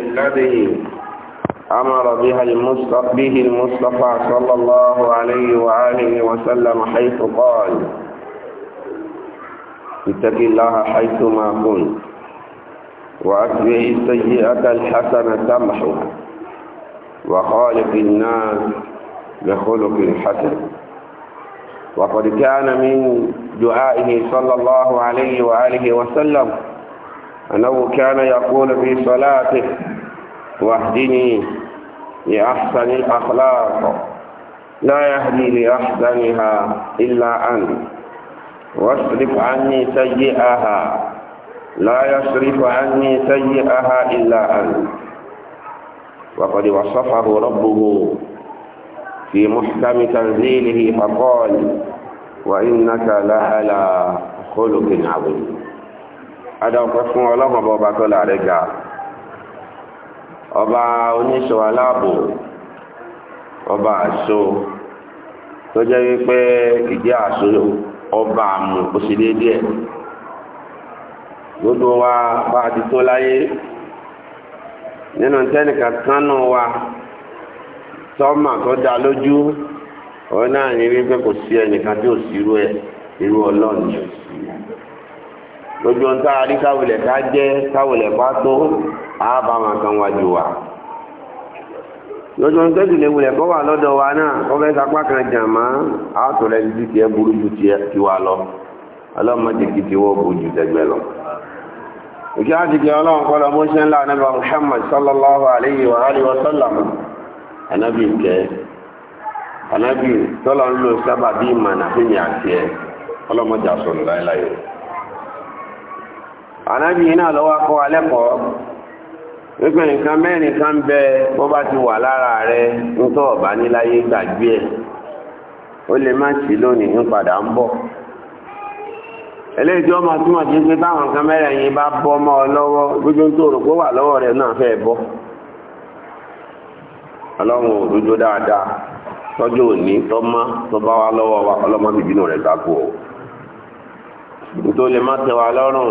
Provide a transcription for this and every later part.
الذي أمر بها المصطفى به المصطفى صلى الله عليه وآله وسلم حيث قال اتق الله حيث ما كنت وأتبع السيئة الحسنة تمحو وخالق الناس بخلق حسن وقد كان من دعائه صلى الله عليه وآله وسلم أنه كان يقول في صلاته واهدني لأحسن الأخلاق لا يهدي لأحسنها إلا أنت واصرف عني سيئها لا يصرف عني سيئها إلا أنت وقد وصفه ربه في محكم تنزيله فقال وإنك لعلى خلق عظيم adáwọ̀pẹ́ fún ọlọ́gbọ̀n ọba tó láàrẹ ga ọba oníṣọ́ aláàbò ọba àṣọ tó jẹ́ wípé ìdí ọba àmù osimiri sí gbogbo wa bá ti tó láyé nínú tẹ́nìkà kánú wa tọ́mà tó dá lójú kò sí ẹnìkan tí lójú ọ̀n tá a rí káwulẹ̀ ká jẹ́ káwulẹ̀ bá tó wa lójú ọ̀n tẹ́sí lè wulẹ̀ kọ́ wà lọ́dọ̀ wa náà kọ́ fẹ́ sapá kan jà má a rẹ̀ ti tiẹ̀ burú ju tiwa lọ ọlọ́mọdé kì ti wọ́ bójú tẹ́gbẹ́ lọ. ìkí á ti jẹ́ ọlọ́run bó ṣe ń lá Muhammad sallallahu alayhi wa wa sallam kẹ́ sábà bí ìmọ̀ àti Anaghị iná lọ́wọ́ kọ́ alẹ́kọ̀ọ́ wípé nǹkan mẹ́rin kan bẹ bó bá ti wà lára rẹ nítọ́ ọ̀bá níláyé gbàgbé ẹ̀ ó lè má sí lónìí ń padà ń bọ̀ eléyìí tí wọ́n máa túmọ̀ sí táwọn nǹkan mẹ́rin yìí ọ wà lọ́wọ́ rẹ náà fẹ́ bọ́ ọlọ́run dáadáa tọ́jú òní bá wa lọ́wọ́ wa ọlọ́mọ bìbínú rẹ̀ gbàgbọ́ nítorí lè má tẹ wa lọ́rùn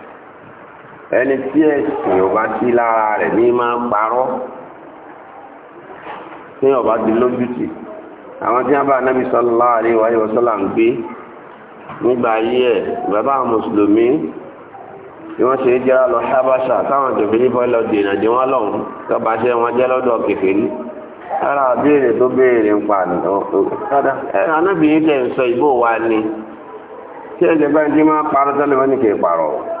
ẹni tí ẹ̀sìn ọba sí lára rẹ̀ ní máa parọ́ tí ọba di lójútì àwọn tí wọ́n bá anábì sallallahu alaihi wa sallam ń gbé nígbà ayé ẹ̀ bàbá mùsùlùmí tí wọ́n ṣe jẹ́ra lọ sábàṣà táwọn ní lọ dènà dé wọ́n lọ́hùn tó bá ṣe wọn jẹ́ lọ́dọ̀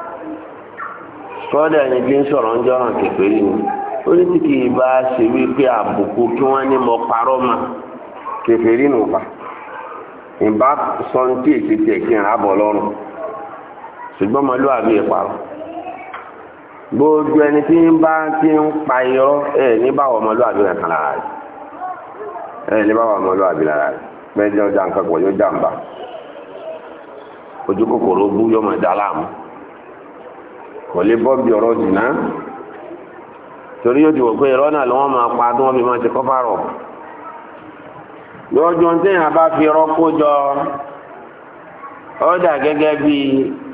kọ́dà ẹni nsọrọ ń sọ̀rọ̀ ń jọ́ràn kẹfẹ́ yìí ni ó ní tí kì í bá ṣe wípé àbùkù kí wọ́n ní mọ parọ́ mà kẹfẹ́ nù bá ìbá èsì tiẹ̀ kí n lọ́rùn ṣùgbọ́n mo ìparọ́ ẹni tí ń bá ti ń pa irọ́ ẹ ní báwọ̀ ọmọlúwàbí lára rẹ̀ ẹ lára rẹ̀ pẹ́ẹ́jọ́ jà yóò ojú kòkòrò bú yóò mọ̀ dá láàmú. kọle lè bọ́ bí ọ̀rọ̀ torí yóò ti pé irọ́ náà lọ́wọ́ máa pa wọ́n fi máa ti lọ́jọ́ bá fi rọ́pò jọ ọ̀dà gẹ́gẹ́ bí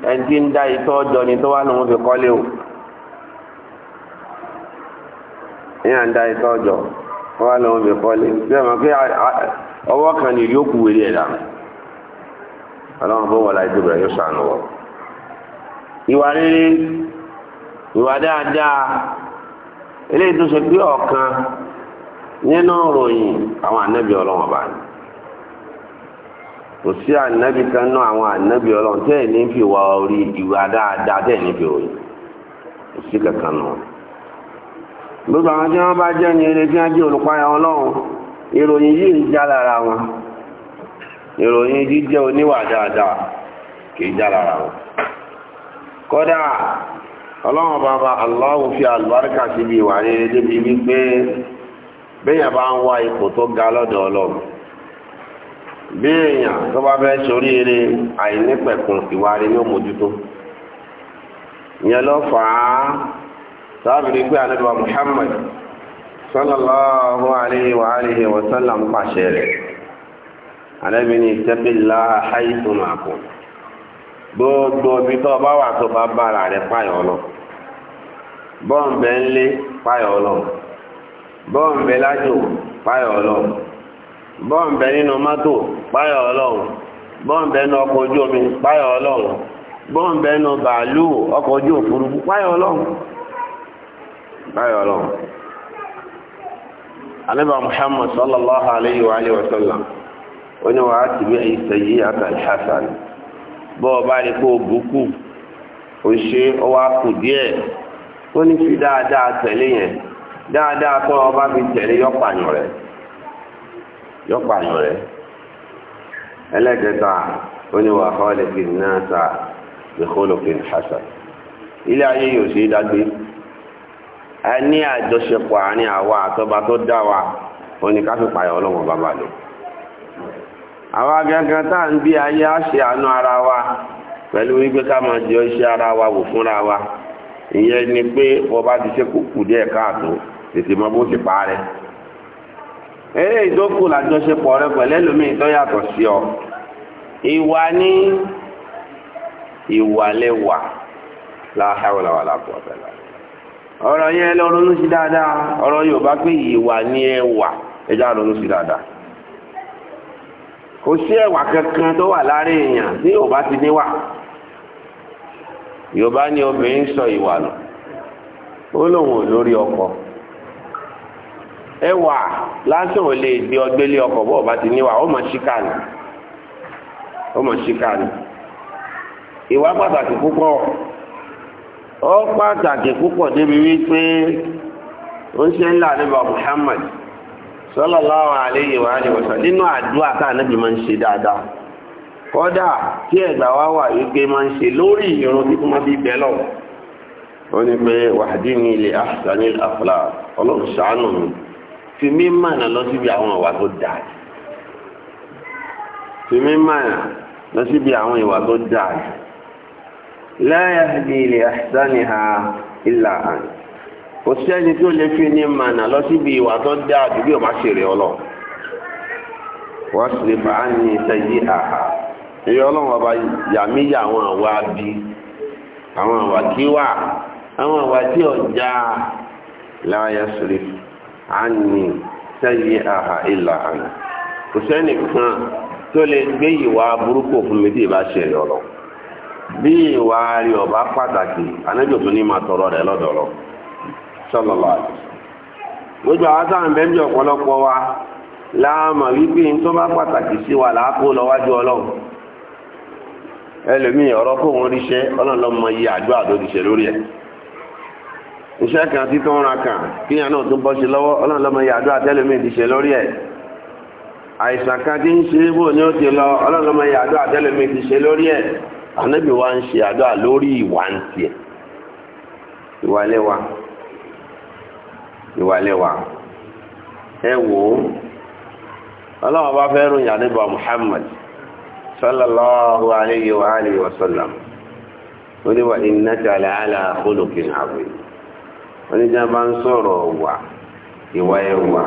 ẹni tí ń dá itọ́ ọjọ́ ni tó wà fi kọ́lé o èèyàn ń dá itọ́ ọjọ́ tó wà fi kan ní yóò kú ẹ̀dá ìwà dáadáa eléyìí tó ṣe pé ọ̀kan nínú ìròyìn àwọn ànábì ọlọ́run ọba ni kò sí kan náà àwọn ànábì ọlọ́run tẹ́ ní fi wà orí ìwà dáadáa tẹ́ ní fi ròyìn kò sí kankan náà gbogbo àwọn tí wọ́n bá jẹ́ ní eré tí wọ́n jẹ́ ọlọ́run ìròyìn yìí ń já lára ọlọ́run bàbá aláwọ̀ fi àlùbáríkà síbi ìwà rere débi wípé béèyàn bá ń wá ipò tó ga lọ́dọ̀ ọlọ́run béèyàn tó bá fẹ́ sórí eré àìnípẹ̀kun ìwà ní òmójútó ìyẹn ló fà á sábìrì pé ànábì Muhammad sallallahu alayhi wa alihi wa sallam pàṣẹ rẹ̀ gbogbo ibi tó o wà tó bá bára rẹ páyọ̀ lọ nle ńlé páyọ̀ lọ bọ́ǹbẹ̀ lájò páyọ̀ lọ bọ́ǹbẹ̀ nínú mọ́tò lọ nínú ọkọ̀ ojú omi páyọ̀ lọ bọ́ǹbẹ̀ nínú bàálù ọkọ̀ ojú òfurufú páyọ̀ lọ lọ. Muhammad sallallahu alayhi wa bọ́ ọba rí kó o bùkù o ṣe ọwọ́ kù díẹ̀ ó ní fi dáadáa tẹ̀lé yẹn dáadáa tó ọba fi tẹ̀lé yọ́pàyàn rẹ̀ yọ́pàyàn rẹ̀ ẹlẹ́gẹ̀ta ó ní wàá kọ́lé kì í náà ta ìkólókìn hasan ilé ayé yóò ṣe é dágbé a ní àjọṣepọ̀ àárín àwa àtọba tó dá wa oníkàfípayọ̀ ọlọ́wọ́n bàbá lò. awa gangan tá ń gbé ayé á àánú ara wa pẹ̀lú wípé ká máa jẹ iṣẹ́ ara wa wò fúnra wa ìyẹn ni pé ọba ti ṣe kúkú díẹ̀ káàtó tètè mọ bó ṣe parẹ́ eré ìdókù làjọṣepọ̀ rẹ pẹ̀lú ẹlòmíì tó yàtọ̀ sí ọ ìwà ní ìwàlẹ́wà láhàwọ̀lá wà ọ̀rọ̀ yẹn lọ ronú sí dáadáa ọ̀rọ̀ Yorùbá pé ìwà ní ẹwà ẹja ronú sí dáadáa kò sí ẹwà kankan tó wà láàrin èèyàn tí yóò bá ti níwà yorùbá ní obìnrin sọ ìwà lọ ó lóun ò lórí ọkọ ẹwà lásán ò lè gbé ọgbélé ọkọ bó bá ti níwà ó mọ síkà ni ó mọ síkà ìwà pàtàkì púpọ̀ ó pàtàkì púpọ̀ débi wípé ó ń ṣe ńlá nípa Muhammad sallallahu alayhi wa alihi wa sallam nínú àdúrà tá ànábì máa ń ṣe dáadáa kódà tí ẹ̀gbà wá wà wípé máa ń ṣe lórí ìrun tí kúmọ́ bí bẹ́ẹ̀ lọ ó ní pé wahdini li ahsanil akhlaq ọlọ́run ṣàánú mi fi mí mànà lọ síbi àwọn ìwà tó dáa fi mí mànà lọ síbi àwọn ìwà tó dáa la yahdi li ahsaniha illa anta. kò sẹ́ni tó lè fi ní mànà lọ síbi ìwà tó dá àdúgbò ọmọ àṣírí ọlọ wọ́n sì bá a ní sẹ́yí àhà èyí ọlọ́run ọba yàmíyà àwọn àwa bí àwọn àwa kí wà àwọn àwa tí ọjà láyà sèré a ní àhà ìlà àná kò kan tó lè gbé ìwà burúkú fún mi tí ì ṣẹlẹ ọlọ bí ìwà rí ọba pàtàkì anájọ tó tọrọ rẹ lọdọọlọ. sọlọlọ àti àwọn sáà ń bẹ níbi ọ̀pọ̀lọpọ̀ wa láàmà wípé n tó bá pàtàkì sí wa làákó lọ́wájú ọlọ́run ẹlòmíì ọ̀rọ̀ kó wọn ríṣẹ́ lórí ẹ̀ iṣẹ́ kan tún ti ṣe lórí ẹ̀ àìsàn kan tí ń ṣe bò ti lọ ti ṣe lórí ẹ̀ wa ń ṣe ìwà ń ìwàlẹ́wà ẹ wò ó ọlọ́wọ́ bá fẹ́ Muhammad sallallahu alayhi wa alihi wa sallam ó ní wà innaka la'ala oníjà bá ń sọ̀rọ̀ wà ìwà ẹwà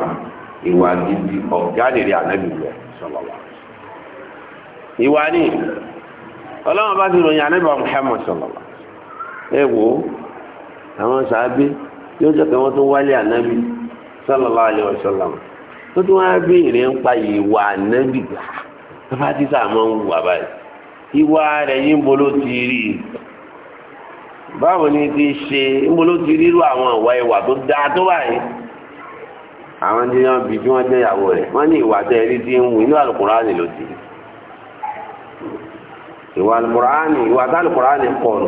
ìwà gidi ọ̀gá nìrí ànábì ìwà ní ọlọ́wọ́ bá ti Muhammad sallallahu ẹ wò ó àwọn yóò jẹ́ pé wọ́n tún wálé ànábì sallallahu alaihi wasallam tó tún wáá béèrè ń pa ìwà ànábì gbà ah, bàbá tí sáà máa ń wà báyìí ìwà rẹ̀ yín bolo ti rí i báwo ni ti ṣe ń bolo ti rí irú àwọn ìwà ìwà tó dáa tó báyìí àwọn tí wọ́n bí tí wọ́n jẹ́ ìyàwó rẹ̀ wọ́n ní ìwà tẹ́ rí ti ń wù inú àlùkùránì ló ti ìwà àlùkùránì ìwà tá àlùkùránì kọ̀ nù.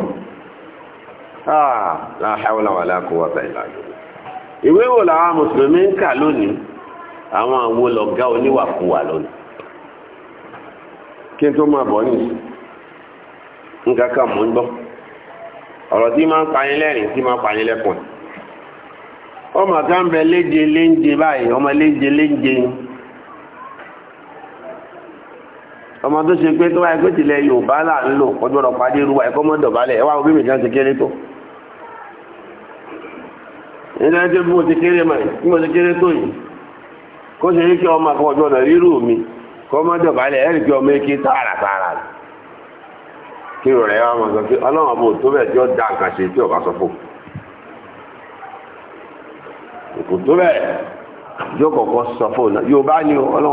Ah, ìwé wò làwọn mùsùlùmí ń kà lónìí àwọn àwọn lọ̀gá oníwàkuwà lónìí kí n tó máa bọ̀ nìyí nǹkan kan mò ń gbọ́ ọ̀rọ̀ tí máa ń pààyàn lẹ́rìn tí máa ń pààyàn lẹ́kùn ọmọ léje léńje báyìí ọmọ léje léńje ọmọ tó ṣe pé tó wáyé pé tilẹ̀ Yorùbá là ń lò ọjọ́ wa kan ilé ẹjẹ́ bí mo ti kéré mà bí mo ti kéré tó yìí kó ṣe kí ọmọ àkọ́ ọjọ́ ọ̀nà mi kọ́ ẹ̀rì kí ọmọ eke tààràtààrà kí rẹ̀ wá sọ pé ọlọ́run àbò tó bẹ̀ tí ó dá nǹkan ṣe tí ọba sọ fò kò tó yóò kọ̀kọ́ sọ yóò bá ní ọ̀rọ̀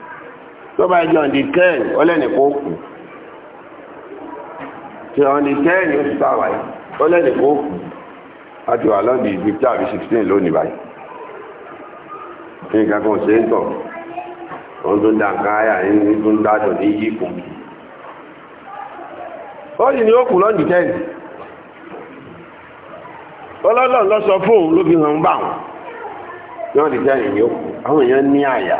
tó bá jẹ́ ọ̀dì kẹ́ẹ̀nì ó lẹ́nì kó kù tí ọ̀dì kẹ́ẹ̀nì ó ti tà wáyé ó lẹ́nì kó kù a ti wà lọ́dì fifty àbí sixteen lónìí báyìí nǹkan kan ṣe ń tọ̀ wọ́n tó dá nǹkan ayà ní tó ń dájọ́ ní yí kù ó sì ní ó kù lọ́dì kẹ́ẹ̀nì ọlọ́lọ́ lọ sọ fóun ló fi hàn bá wọn lọ́dì kẹ́ẹ̀nì ni ó kù àwọn èèyàn ní àyà.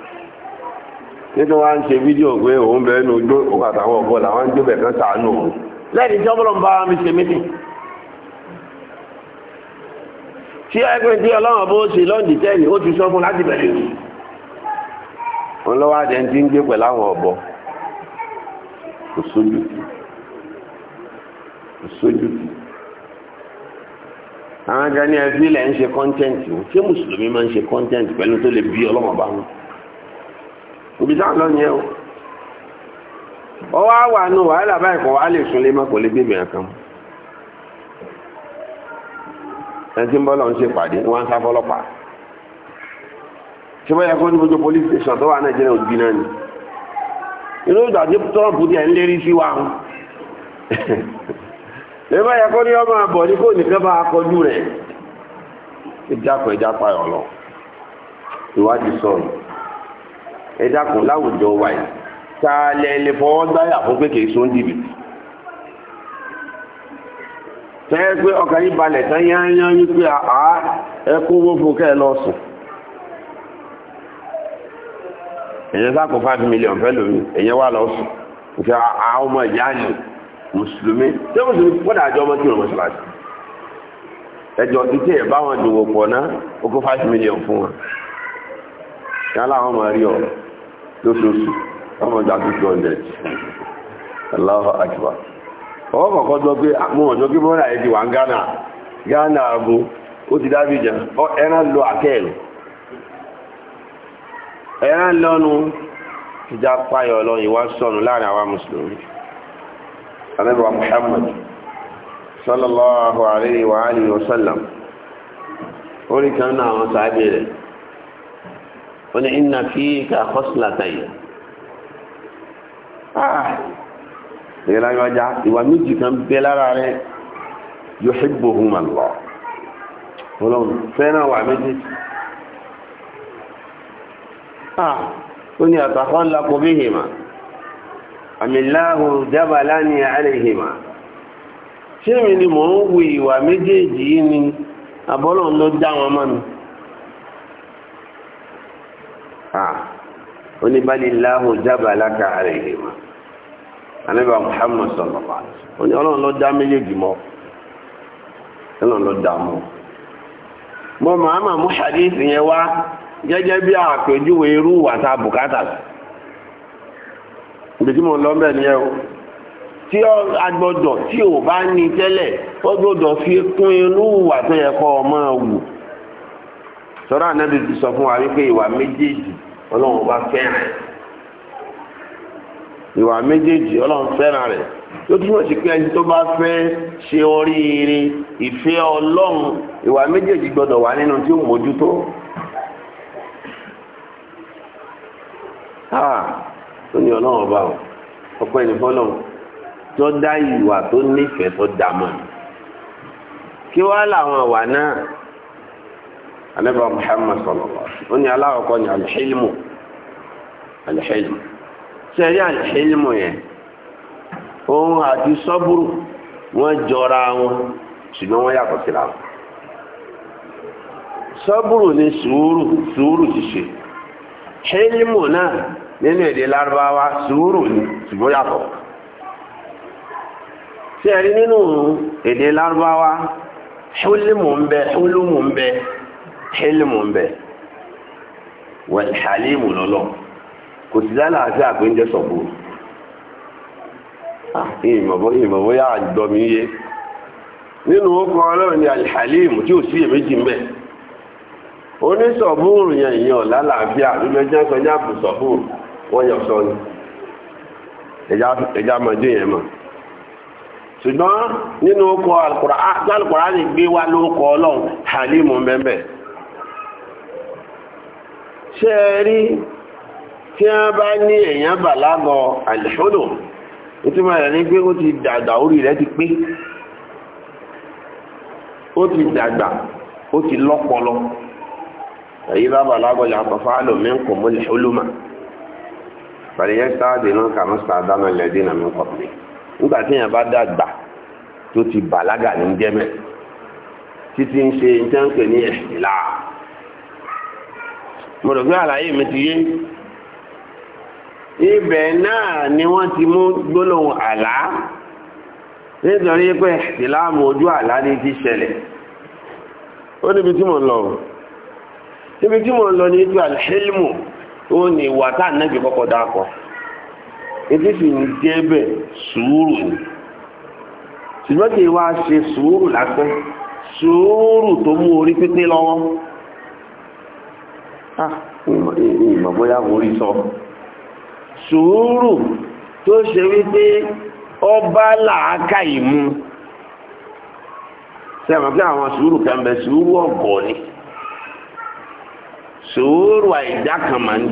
nítorí wọn ń ṣe fídíò pé òun bẹ ẹnu ojú òun àtàwọn ọ̀bọ làwọn ń jó bẹ̀ kan sàánú òun lẹ́yìn tí ọlọ́run bá mi ṣe mítì tí ẹgbẹ́ tí ọlọ́run bó ṣe lọ́ǹdì tẹ́lì ó ti sọ fún láti bẹ̀rẹ̀ rù wọn lọ́wọ́ adé ti ń gbé pẹ̀lú àwọn ọ̀bọ kò sójú tì kò sójú tì àwọn ajá ní ẹbí lẹ́ ń ṣe kọ́ńtẹ́ǹtì ṣé mùsùlùmí máa ń ṣe kọ́ńtẹ́ǹtì pẹ̀lú tó lè bí ọlọ́run bá wọn òbí sáà lọ yẹn o ọwọ́ àwà nù wàhálà báyìí kọ̀ wà lè súnlé mọ́ kò lè gbé mìíràn kan ẹni tí ń bọ́ lọ ń ṣe pàdé wọ́n ń sá fọ́lọ́pàá ṣe bọ́yẹ kó ní gbogbo police station tó wà nàìjíríà òbí náà ni inú ìgbà tí Trump díẹ̀ ń lérí sí wa ń ṣe bọ́yẹ kó ní ọmọ àbọ̀ ní kò nìkan bá akọjú rẹ̀ ìjápọ̀ ìjápọ̀ ọ̀lọ́ ìwádìí sọ̀rọ̀ ẹ láwùjọ wa yìí ta lẹ lè fọwọ́ gbáyà fún pé kìí sún dìbì tẹ́ pé ọkàn yìí balẹ̀ tán yányán wípé àá ẹkún wófò kẹ́ lọ sùn èyàn sáàkù 5 million fẹ́ lómi èyàn wà lọ sùn ìfẹ́ àwọn ọmọ ìyá ni mùsùlùmí tí mùsùlùmí pọ́dà àjọ ọmọ tí wọ́n mọ́sálásí ẹjọ́ títí ẹ̀ báwọn dòwò pọ̀ náà ó 5 million fún wọn yálà àwọn ọmọ rí ọ̀rọ̀ lóṣooṣù ọmọ ìjà tó aláwọ̀ àjùwà ọwọ́ kọ̀ọ̀kan jọ pé mú kí mọ́ra ẹ̀ wà ń Ghana Ghana abu ó ti dábì jẹ ẹran lọ àkẹ́ẹ̀lì ẹran lọ́nu ìjà payọ̀ lọ ìwà sọnù láàrin àwa mùsùlùmí Muhammad sallallahu wọ́n ní iná kí ká kọ́sùlátà yìí ìrìn àjọ ọjà ìwà méjì kan bẹ lára rẹ yóò ṣe gbóhùn àlọ́ ọlọ́run fẹ́ràn wà méjì ah. ó ní àtàkọ́ ńlá bí hìmà àmìláhù jábàlá ní àárẹ̀ hìmà ṣé mi ni mò ń wo ìwà méjèèjì yìí ni àbọ́lọ́run ló dá wọn mọ́ mi oníbàlíláhù jábà lákàárẹ̀ ìhìmá anábà Muhammad sọlọ́mà oní ọlọ́run ló dá méjèèjì mọ́ ọlọ́run ló dá mọ́ mọ́ màámà mú hadith yẹn wá gẹ́gẹ́ bí àpèjúwe irú wàtá bùkátà ibi tí mo lọ bẹ́ẹ̀ ni ẹ o tí agbọ́dọ̀ tí ò bá ní tẹ́lẹ̀ ó gbọ́dọ̀ fi kún inú wà tó yẹ kọ́ ọmọ wù tọ́lá ànábì ti sọ fún wa wípé ìwà méjèèjì ọlọ́run bá fẹ́ràn ìwà méjèèjì ọlọ́run fẹ́ràn rẹ̀ tó túmọ̀ sí pé ẹni tó bá fẹ́ ṣe oríire ìfẹ́ ọlọ́run ìwà méjèèjì gbọ́dọ̀ wà nínú tí ó mójútó. tó ní ọlọ́run ọba o ọpẹ́ ní fọlọ́run tó dá ìwà tó nífẹ̀ẹ́ tó dá mọ́ kí wàá làwọn ìwà náà anẹ́bà Muhammad sọlọ́lá ó ní aláwọ̀kọ́ ní alìhílmù alìhílmù ṣe rí alìhílmù yẹn òun àti sọ́búrù wọ́n jọra wọn ṣùgbọ́n wọ́n yàtọ̀ síra wọn sọ́búrù ni sùúrù sùúrù ti ṣe hílmù náà nínú èdè lárúbáwá sùúrù ni ṣùgbọ́n yàtọ̀ ṣe nínú èdè lárúbáwá húlmù ń bẹ húlmù ń bẹ hílmù mbẹ bẹ wàlhálímù lọ́lọ́ kò sí lálàáfíà pé ń ya ah, sọ̀bù ìmọ̀ bóyá yé nínú ni alhálímù tí ò sí èméjì ń bẹ lálàáfíà sọ ní àbùsọ̀bùrù wọ́n yọ sọ ni ẹja mọ̀jú yẹn mọ̀ ṣùgbọ́n nínú orúkọ alukọ̀rá ní gbé wá ọlọ́run ṣe rí tí a bá ní èèyàn bàlágọ àìṣódò ìtumọ̀ rẹ̀ ní pé ó ti dàgbà orí rẹ̀ ti pé ó ti dàgbà ó ti lọ́pọlọ èyí bá bàlágọ yàtọ̀ fáálò mẹ́kọ̀ọ́ mọ́lẹ̀ olúmọ̀ fàlẹ́yẹ sáàdì náà kà ń sàdánà lẹ́dí nà mẹ́kọ̀ọ́ tó ti bàlágà ní jẹ́mẹ̀ títí ń ṣe ìjẹ́ ní ẹ̀sìn mo àlàyé mi ti yé ibẹ̀ náà ni wọ́n ti mú gbólóhùn àlá nítorí pé ìlàmù ojú àlá ní ti ṣẹlẹ̀ ó níbi tí mò lọ níbi tí mò lọ ní ibi àlhílmù ó ní ìwà kọ́kọ́ dákọ̀ ètí sì ń sùúrù ni ṣùgbọ́n Ah. ìmọ̀ bóyá orí sọ sùúrù tó ṣe wípé ọba làákà ìmú sẹ́wọ̀n pé àwọn sùúrù kan bẹ sùúrù ọ̀gọ̀ ni sùúrù àìdá kan mà ní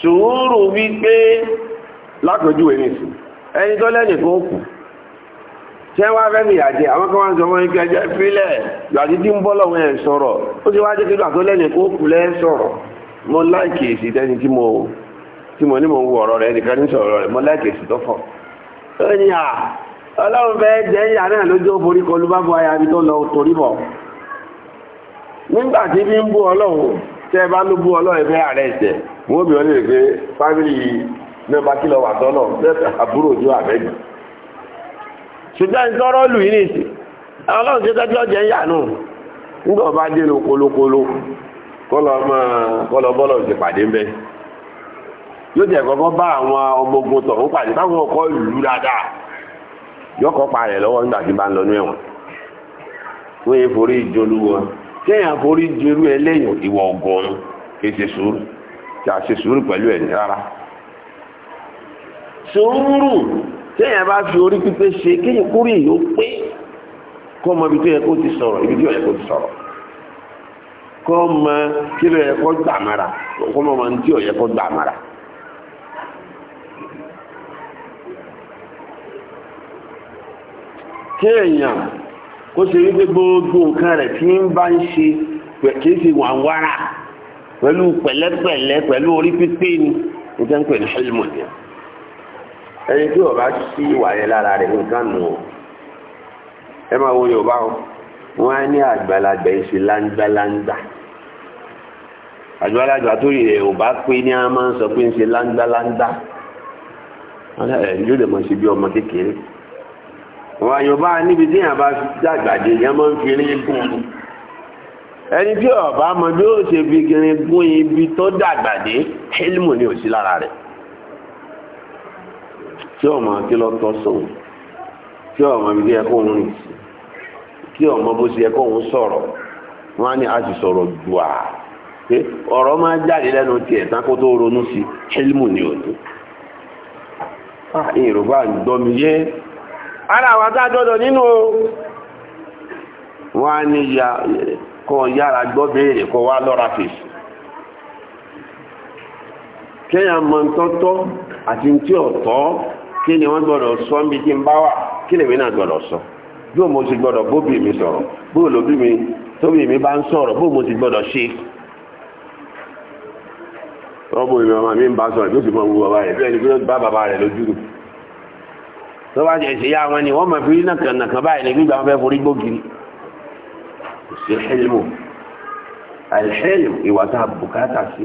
sùúrù wípé lápẹjúwe nìsí ẹni tó lẹ́nìí kù tẹ́wà fẹ́mi àjẹ́ àwọn kan wá ń sọ wọ́n ń kí ẹjẹ́ fílẹ̀ lọ́dí tí ń bọ́ lọ́wọ́ ẹ̀ sọ̀rọ̀ ó ti wá jẹ́ kílò àtọ́lẹ́ni kó kù lẹ́ sọ̀rọ̀ mo láìkì èsì tẹ́ni tí mo tí mo ní mo ń wo ọ̀rọ̀ rẹ̀ nìkan ní sọ̀rọ̀ rẹ̀ mo láìkì èsì tó fọ̀ ẹ̀yìn à ọlọ́run fẹ́ jẹ́ ìyá náà lójú forí kọlu bá bu aya tó lọ torí bọ̀ nígbà tí bí ń bú ọlọ́run tẹ́ bá ló bú ọlọ́run fẹ́ ààrẹ ẹ̀sẹ̀ wọ́n bí wọ́n lè fẹ́ fámìlì mẹ́ba kí lọ wà tọ́nà àbúrò ojú àbẹ́gbẹ̀ ṣùgbọ́n ní tọ́rọ lù yìí nìsí ọlọ́run ṣe tọ́jú ọjẹ́ ń nígbà ọba kolokolo kọlọ kọlọ ti pàdé ń yóò jẹ́ kọ́kọ́ bá àwọn ọmọ tọ̀ ń pàdé táwọn ọkọ̀ lù dáadáa pa rẹ̀ lọ́wọ́ nígbà tí bá ń lọ ní ẹ̀wọ̀n yẹ forí jolú wọn forí jolú ẹlẹ́yìn ìwọ̀ téèyàn bá fi orí pípé ṣe kéèyàn kúrò èyí ó pé kọ́ mọ ibi tó yẹ kó ti sọ̀rọ̀ ibi tó yẹ kó ti sọ̀rọ̀ kọ́ mọ kí ló yẹ kó gbà mara kọ́ mọ ohun tí ò yẹ kó gbà kéèyàn kó ṣe wípé gbogbo nǹkan rẹ̀ tí ń bá ń ṣe kì í ṣe wàǹwàrà pẹ̀lú pẹ̀lẹ́pẹ̀lẹ́ pẹ̀lú orí pípé ni níta ń pè ní ṣẹ́límọ̀ nìyẹn ẹni tí ọba sí ìwà yẹn lára rẹ̀ nǹkan nù ọ́ ẹ máa wo yorùbá o wọ́n á ní àgbàlagbà ìṣe láńgbàláńgbà àgbàlagbà tó yẹ yorùbá pé ní a máa ń sọ pé ń ṣe láńgbàláńgbà yóò lè mọ̀ sí bí ọmọ kékeré wọ́n yorùbá níbi tí yàrá bá dàgbàdé yẹn máa ń fi rí gùn ún ẹni tí ọba mọ bí ó ṣe fi kiri gún ibi tó dàgbàdé hélmù ni ò sí lára rẹ̀. tí ọmọ kí lọ tọ́ sóun kí ọmọ ibi ẹkọ òun rìn sí kí ọmọ bó ṣe ẹkọ òun sọ̀rọ̀ wọn á ní àti pé máa jáde tán kó tó ronú sí hélmù ni ah, ò ní. ń yé ara àwọn dọdọ nínú o wọ́n ya yára gbọ béèrè wá fèsì mọ̀ ń tọ́tọ́ àti kí ni wọ́n gbọ́dọ̀ sọ ń bí kí n bá wà kí náà gbọ́dọ̀ sọ bí mo ti gbọ́dọ̀ bóbi mi sọ̀rọ̀ bí olóbi mi tóbi mi bá ń sọ̀rọ̀ bí mo ti gbọ́dọ̀ ṣe. rọ́bù mi ọmọ mi ń bá sọ̀rọ̀ mọ rẹ̀ bí ẹni bá bàbá rẹ̀ lójú rù. tó bá ni fi nàkàn nàkàn báyìí ní gbígbà wọn fẹ́ forí a bùkátà sí.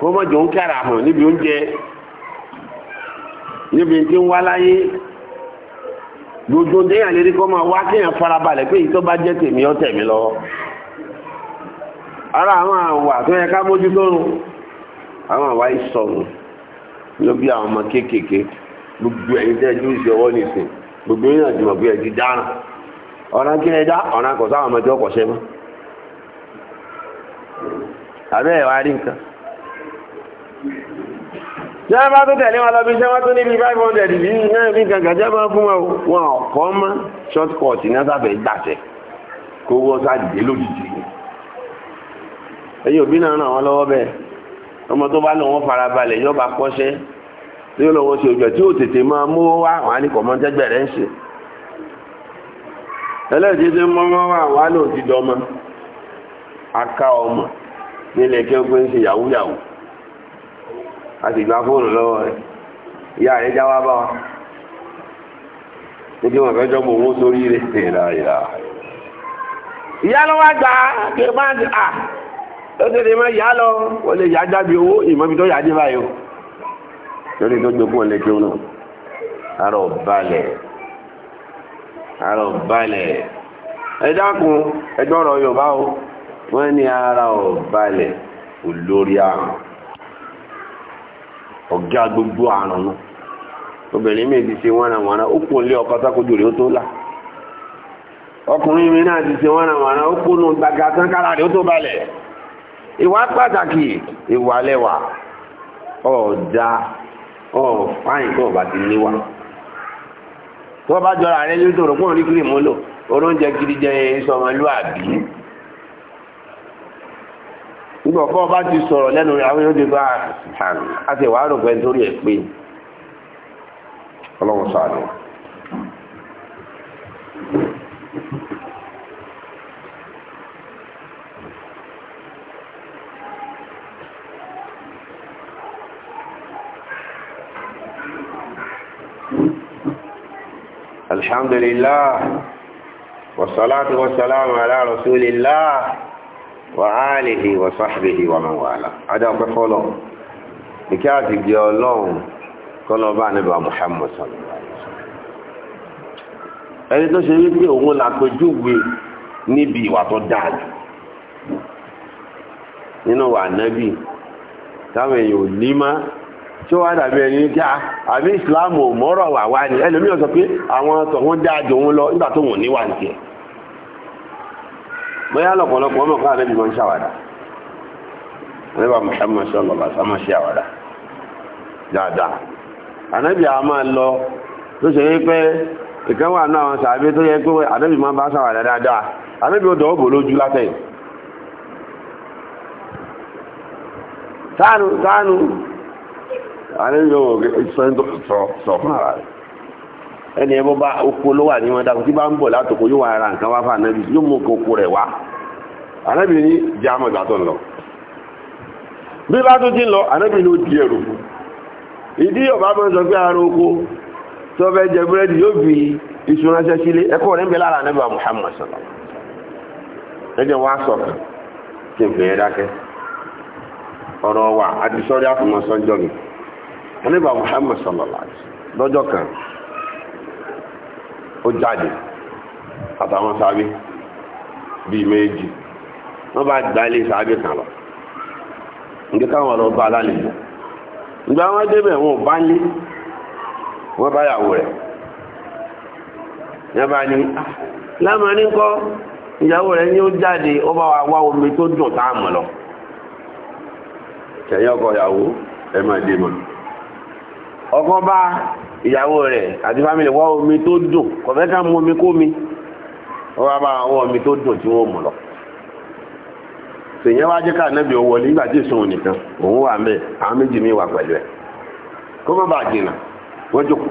kó mọ jòun kára hàn níbi oúnjẹ níbi tí ń wá láyé gbogbo déyàn lérí kó máa wá kéèyàn farabalẹ̀ pé ìtọ́ bá jẹ́ tèmi ó tẹ̀mí lọ ara àwọn àwà tó yẹ ká mójú lórun àwọn àwà ìsọ̀rùn ló bí àwọn ọmọ kéékèèké gbogbo ọwọ́ nìsín gbogbo bí ẹ̀jú kí ẹ dá kọ̀ sáwọn ọmọdé mọ́ rí nǹkan jẹ́ bá tó tẹ̀lé wọn lọ́bí iṣẹ́ wọ́n tó níbi 500 bí náà bí gàgà jẹ́ bá fún wọn ọ̀kọ́ mọ́ shortcut ní sábẹ̀ gbàtẹ̀ kó wọ́n sáàdìdé lójijì ẹ̀yìn òbí náà ràn wọ́n lọ́wọ́ bẹ́ẹ̀ ọmọ tó bá lọ wọ́n fara balẹ̀ yọba kọ́ṣẹ́ tí ó lọ́wọ́ ṣe òjò tí ó tètè máa mú wá àwọn àníkọ̀ mọ́ tẹ́gbẹ̀rẹ́ ń ṣe ẹlẹ́ẹ̀dì tí mọ́ wọ́n wà wá lóòtì dọ́mọ aká ọmọ nílẹ̀ kí a gba fóònù lọ́wọ́ rẹ̀ ìyá rẹ̀ já wá bá wa níbi wọn fẹ́ jọ́mọ̀ owó sórí rẹ̀ ìlà ìlà ìyá lọ wá gbà kí n máa à ó tẹ̀lé mọ́ ìyá lọ wọ́n lè yá dábì owó ìmọ̀bi tó yá dé báyìí lórí tó gbé ọ̀lẹ́ kí ó nù àrò balẹ̀ àrò balẹ̀ ẹ dákun ẹjọ́ ọ̀rọ̀ Yorùbá o wọ́n ní ara ọ̀ balẹ̀ olórí àrùn ọ̀gá gbogbo àrùn náà. obìnrin mi ti ṣe wọ́nàwọ́nà ó kò lé ọkọ̀ sákojú rí ó tó là ọkùnrin mi náà ti ṣe wọ́nàwọ́nà ó kò nù gbàgà tán kára ó tó balẹ̀ ìwà pàtàkì ìwà lẹ́wà ọ̀fáìn tó bá ti níwà tó bá jọra rẹ̀ yóò tó pọ̀ nígbà ọ̀pọ̀ bá ti sọ̀rọ̀ lẹ́nu àwọn yóò dé bá àti ìwà àrùnfẹ́ nítorí ẹ̀ pé ọlọ́run sàánù Alhamdulillah, wasalatu wasalamu ala rasulillah. Wa وصحبه ومن والاه هذا هو قوله ìkíyàtì ọlọ́run kọlọ́bà níbà Muhammad ẹni tó ṣe wípé òun làpẹjúwe níbi ìwà tó dáa nínú wà nẹ́bì táwọn èèyàn ní má tí ó dàbí ẹni ní kí ah, àbí ìsìláàmù mọ́rọ̀ wà wá ni ẹlòmíràn sọ pé àwọn òun lọ nígbà tó o lọ́pọ̀lọpọ̀ ọmọ fún àlejò máa ń ṣàwádà ànábì Muhammad sallallahu alaihi wasallam ṣe àwádà dáadáa ànábì a máa lọ tó ṣe wípé ìkan wà náà wọn sàábé tó yẹ pé ma máa bá ṣàwádà dáadáa ànábì ó dọ̀ lójú látẹ̀yìn sáànù sáànù ànábì ó sọ fún ara ẹni ẹ bó bá oko ló wà ní wọn dáko tí bá ń bọ̀ látòkò yóò wá ara nǹkan wá fún ànábì yóò mú koko rẹ̀ wá ànábì ní jẹ́ àmọ́ ìgbà tó ń lọ bí bá tó ti ń lọ ànábì ló di ẹrù ìdí ọba máa ń sọ pé ara oko tó fẹ́ jẹ búrẹ́dì yóò fi iṣu ránṣẹ́ sílé ẹ̀kọ́ rẹ̀ ń bẹ lára ànábì wa Muhammad sọ̀rọ̀ ẹjẹ wa sọ̀rọ̀ kí n fẹ́ dákẹ́ ọ̀rọ̀ wa àti sọ́rí àfọmọ́sọ́jọ́ mi ànábì wa Muhammad sọ̀rọ̀ lọ́jọ́ kan ó jáde àtàwọn sábé bíi méjì wọ́n bá gbá ilé kan lọ nígbà káwọn lọ bá alálejò nígbà wọn débẹ̀ wọn bá ní wọ́n bá yàwó rẹ̀ ah, yẹn bá ní lámà ní kọ́ ìyàwó rẹ̀ ní ó jáde ó bá wa wá omi a lọ kẹ̀yìn ìyàwó ẹ̀ máa dé ìyàwó rẹ̀ àti fámìlì wá omi tó dùn kọ̀fẹ́ ká mu omi kó mi wọ́n wá omi tó dùn tí wọ́n mú lọ. sèyàn wá jẹ́ ká nẹ́bí nígbà tí nìkan òun wà mẹ́ àwọn méjì mi wà pẹ̀lú ẹ̀ kó má bàa jìnnà wọ́n jókòó.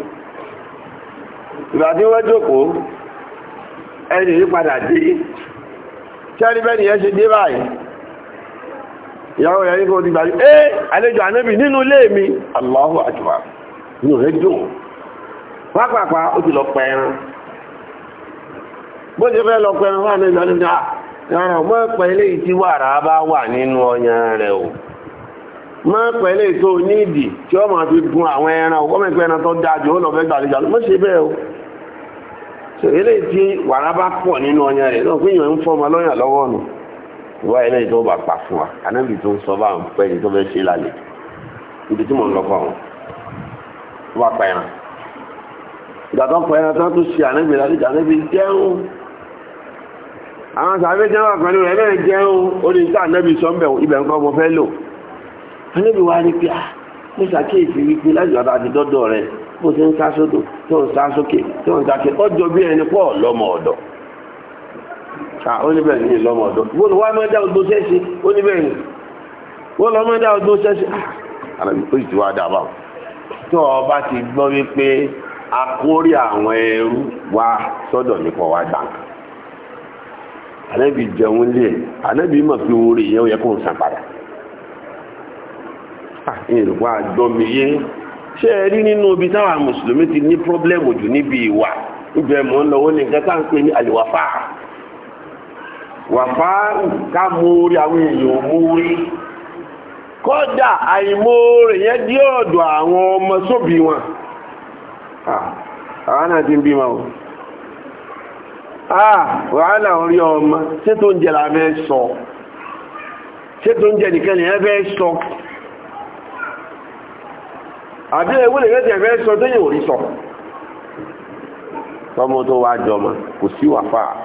ìgbà tí wọ́n jókòó ẹni yìí padà dé sẹ́ni bẹ́ẹ̀ nìyẹn ṣe dé báyìí ìyàwó rẹ̀ kò ti gbà ẹ́ àlejò inú rẹ̀ dùn pápápá ó ti lọ ẹran bó ti lọ pẹ́ ẹran ìlú ọdún eléyìí tí wàrà bá wà nínú ọyàn o mọ́ eléyìí tó nídìí tí ó máa fi gun àwọn ẹran o kọ́mọ̀ ìpẹ́ ẹran tó dáa ó lọ fẹ́ gbàlejò àlọ́ mọ́ ṣe bẹ́ẹ̀ o so eléyìí tí wàrà bá pọ̀ nínú ọyàn náà ń fọmọ nù eléyìí tó bá pa fún wa anábì tó ń sọ bá ń tó ṣe ibi tí mò ń wà pa ẹran ìgbà tó ń pa ẹran tó tún ṣe ànẹ́bì láti ìjànẹ́bì jẹun àwọn sàbẹ́ jẹ́ wà pẹ̀lú rẹ̀ náà jẹun ó ní ìta ànẹ́bì sọ ń bẹ̀wò ibẹ̀ nǹkan mo fẹ́ lò ànẹ́bì wá ní pé ah, mo ṣàkíyèsí wípé láti ìgbà àti dọ́dọ̀ rẹ̀ bó ti ń sá sódò tó ń sá sókè tó ń dákẹ́ ọjọ́ bí ẹni pọ̀ lọ́mọ ọ̀dọ̀ ó ní bẹ́ẹ̀ ní lọ́mọ ọ̀dọ̀ tó ọba ti gbọ́ wípé akórí àwọn ẹrú wá sọ́dọ̀ nípa wa gbà ànábì jẹun lé e. ànábì mọ̀ orí yẹn ó yẹ kó ń san padà gbọ́mìyé ṣé ẹ rí nínú ibi táwọn mùsùlùmí ti ní pọ́blẹ́mù jù níbi ìwà ibẹ̀ mọ̀ ń lọ́wọ́ ní nǹkan tá kọ́dà àìmóore yẹn dí ọ̀dọ̀ àwọn ọmọ sóbì wọn ah, àwọn náà ti ń bímọ o ah wàhálà orí ọmọ tí tó ń jẹ la fẹ́ sọ tí tó ń jẹ nìkan lè fẹ́ sọ àbí ewé lè fẹ́ fẹ́ sọ tó yẹ orí sọ tọmọ tó wá jọmọ kò sí wàfáà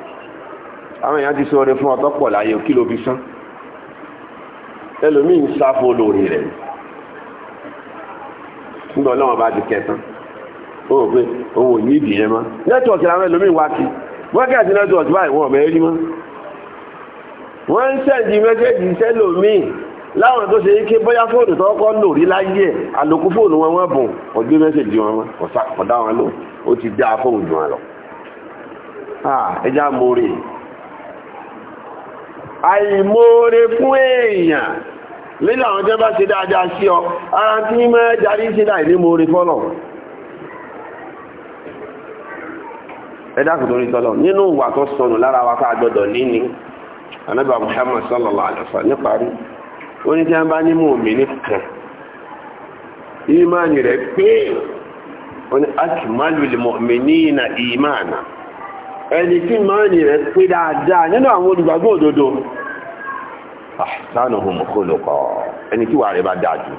àwọn èèyàn ti sọ̀rọ̀ fún ọtọ́ pọ̀ láyé kí ló fi sán ẹlòmíín sáfó lórí rẹ̀ nígbà ọlọ́wọ́n bá ti kẹtàn ó rò pé òun ò ní ìdí yẹn mọ́ nẹ́tíwọ̀kì làwọn ẹlòmíín wá sí wákàtí nẹ́tíwọ̀kì báyìí wọn ò mẹ́rí mọ́ wọ́n ń sẹ́ǹdì mẹ́sẹ́jì sẹ́lòmíín láwọn tó ṣe ike bóyá fóònù tó kọ́ lò láyé ẹ̀ àlòkù fóònù wọn wọ́n bùn ọdún mẹ́sẹ̀jì wọn wọn ọ̀dá wọn lò ó ti dá fóònù wọn lọ. Ah, ẹja mórè àìmóore fún èèyàn nínú àwọn tẹ́ bá ṣe dáadáa sí ọ ara tí ní mẹ́ jarí sí dáì ní móore fọ́lọ̀ ẹ̀dàkù torí tọ́lọ̀ nínú ìwà tó sọnù lára wa ká níní anábà Muhammad sallallahu a bá ẹni tí mọ́ni rẹ̀ pé dáadáa nínú àwọn olùgbàgbọ́ òdodo ahsanuhum khuluqa ẹni tí wà rẹ̀ bá dáa jù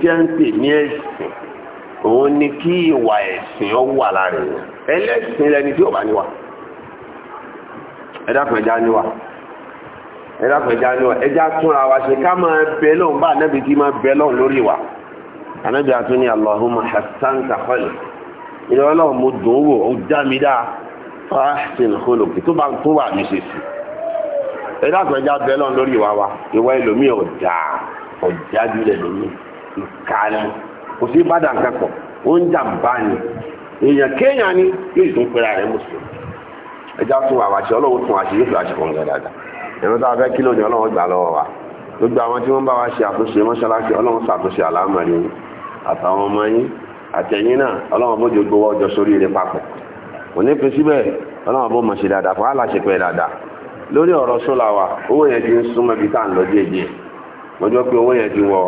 tí ń pè ní ẹ̀sìn òun ni kí ìwà ẹ̀sìn ọ wà lára rẹ̀ ẹlẹ́sìn lẹni tí ò bá níwà ẹ̀dàpẹ̀já níwà níwà ẹjá túnra wa ṣe ká máa bẹ bá máa bẹ lórí wa mo dùn wò ó dá mi dáa fáṣítìl kólòkì tó bá ń tó wà níṣe sí ẹ dákun ẹja bẹ lọ́n lórí ìwà wa ìwà ẹlòmíì ọ̀dà ọ̀dà jùlẹ̀ lómi ìkàlẹ̀ kò sí bá kẹ́kọ̀ọ́ ó ń jàǹbá ni èèyàn kéèyàn ni yóò tún pera rẹ̀ mùsùlùmí ẹja tún wà wáṣẹ ọlọ́wọ́ tún wáṣẹ yóò fi wáṣẹ fún ọ̀gá dáadáa ẹ̀rọ tá a fẹ́ kílò ní ọlọ́wọ́ gbà lọ́wọ́ wa gbogbo àwọn tí wọ́n bá wa ṣe àtúnṣe mọ́ṣáláṣí ọlọ́run ṣàtúnṣe àlámọ̀rin àtàwọn ọmọ yín àtẹ̀yìn náà ọlọ́run bójú gbowó ọjọ́ sórí ire papọ̀ kò ní fi síbẹ̀ ọlọ́run bó mọ̀ ṣe dáadáa fún aláṣepẹ̀ dáadáa lórí ọ̀rọ̀ sólà wa owó yẹn ti ń súnmọ́ ibi tá à ń lọ díẹ̀ díẹ̀ mo jọ pé owó yẹn ti wọ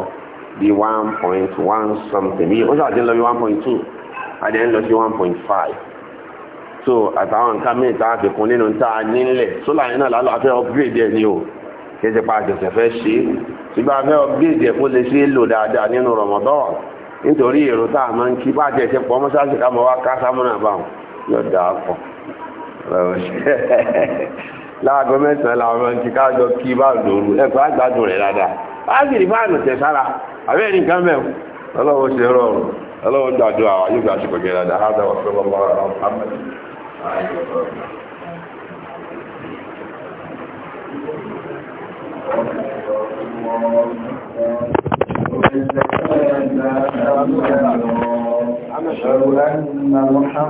bí one point one something bí ó sì àti ń lọ bí one point two àti ń lọ sí one point five so àtàwọn nǹkan míì tá a fi kún nínú tá a nílẹ̀ sólà yẹn náà lálọ́ afẹ́ upgrade ẹ̀ ní o kì í ṣe pa àjọṣẹ̀ fẹ́ ṣe ṣùgbọ́n afẹ́ upgrade ẹ̀ kó lè ṣe é lò dáadáa nínú Ramadan nítorí èrò tá a máa ń kí bá àjẹsẹ̀ pọ̀ mọ́ṣáláṣí ká mọ́ wá ká yọ̀dà pọ̀ láago mẹ́sàn-án làwọn ọmọ ti káàjọ kí bá lòrù ẹ̀kọ́ àgbàdùn rẹ̀ dáadáa á sì rí fáànù tẹ̀ sára àbẹ́ ẹ̀rí nǹkan mẹ́wọ̀n ọlọ́wọ́ ṣe rọrùn ọlọ́wọ́ gbàdúrà yóò gbà ṣe kọjá dáadáa hádà wà fẹ́ bọ́ bọ́ra Muhammad